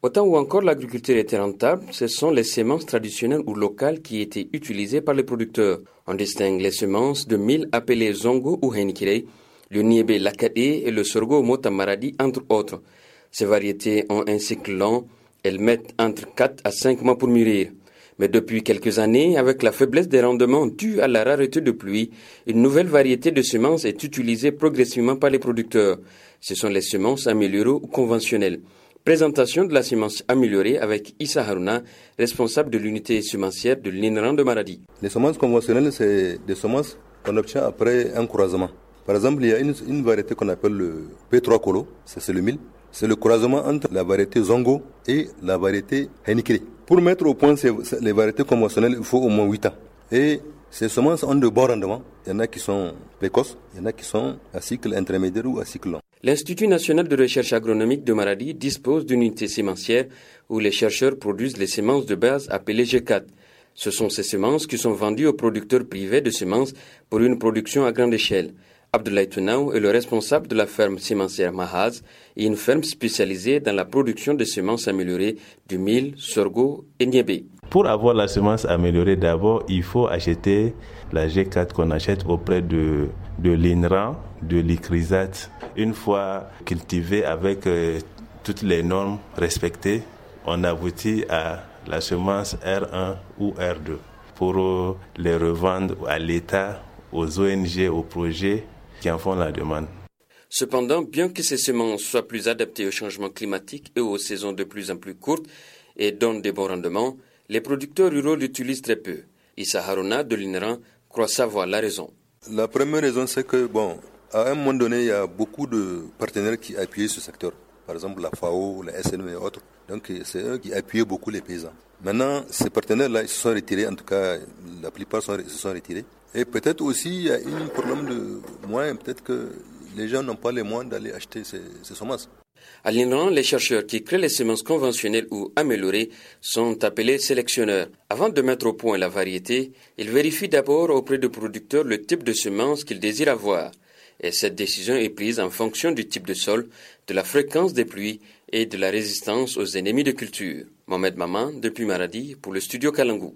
Autant ou encore l'agriculture était rentable, ce sont les semences traditionnelles ou locales qui étaient utilisées par les producteurs. On distingue les semences de mille appelées zongo ou henikirei, le niébé lakadé et le sorgo motamaradi entre autres. Ces variétés ont un cycle long, elles mettent entre 4 à 5 mois pour mûrir. Mais depuis quelques années, avec la faiblesse des rendements due à la rareté de pluie, une nouvelle variété de semences est utilisée progressivement par les producteurs. Ce sont les semences améliorées ou conventionnelles. Présentation de la semence améliorée avec Issa Haruna, responsable de l'unité semencière de l'INRAN de Maladie. Les semences conventionnelles, c'est des semences qu'on obtient après un croisement. Par exemple, il y a une, variété qu'on appelle le P3 Colo, c'est le mille. C'est le croisement entre la variété Zongo et la variété Henikri. Pour mettre au point les variétés conventionnelles, il faut au moins 8 ans. Et ces semences ont de bons rendements. Il y en a qui sont précoces, il y en a qui sont à cycle intermédiaire ou à cycle long. L'Institut national de recherche agronomique de Maradi dispose d'une unité sémencière où les chercheurs produisent les semences de base appelées G4. Ce sont ces semences qui sont vendues aux producteurs privés de semences pour une production à grande échelle. Abdoulaye Tounaou est le responsable de la ferme sémencière Mahaz, une ferme spécialisée dans la production de semences améliorées du mil, sorgho et niébé. Pour avoir la semence améliorée, d'abord, il faut acheter la G4 qu'on achète auprès de, de de l'ICRISAT. Une fois cultivée avec euh, toutes les normes respectées, on aboutit à la semence R1 ou R2 pour euh, les revendre à l'État, aux ONG, aux projets qui en font la demande. Cependant, bien que ces semences soient plus adaptées au changement climatique et aux saisons de plus en plus courtes et donnent des bons rendements, les producteurs ruraux l'utilisent très peu. Issa Haruna de l'INRAN croit savoir la raison. La première raison, c'est que, bon, à un moment donné, il y a beaucoup de partenaires qui appuient ce secteur. Par exemple, la FAO, la SNM e et autres. Donc, c'est eux qui appuyaient beaucoup les paysans. Maintenant, ces partenaires-là, ils se sont retirés. En tout cas, la plupart se sont retirés. Et peut-être aussi, il y a un problème de moyens. Peut-être que les gens n'ont pas les moyens d'aller acheter ces, ces à les chercheurs qui créent les semences conventionnelles ou améliorées sont appelés sélectionneurs. Avant de mettre au point la variété, ils vérifient d'abord auprès du producteur le type de semences qu'ils désirent avoir. Et cette décision est prise en fonction du type de sol, de la fréquence des pluies et de la résistance aux ennemis de culture. Mohamed Maman, depuis Maradi, pour le studio Kalangou.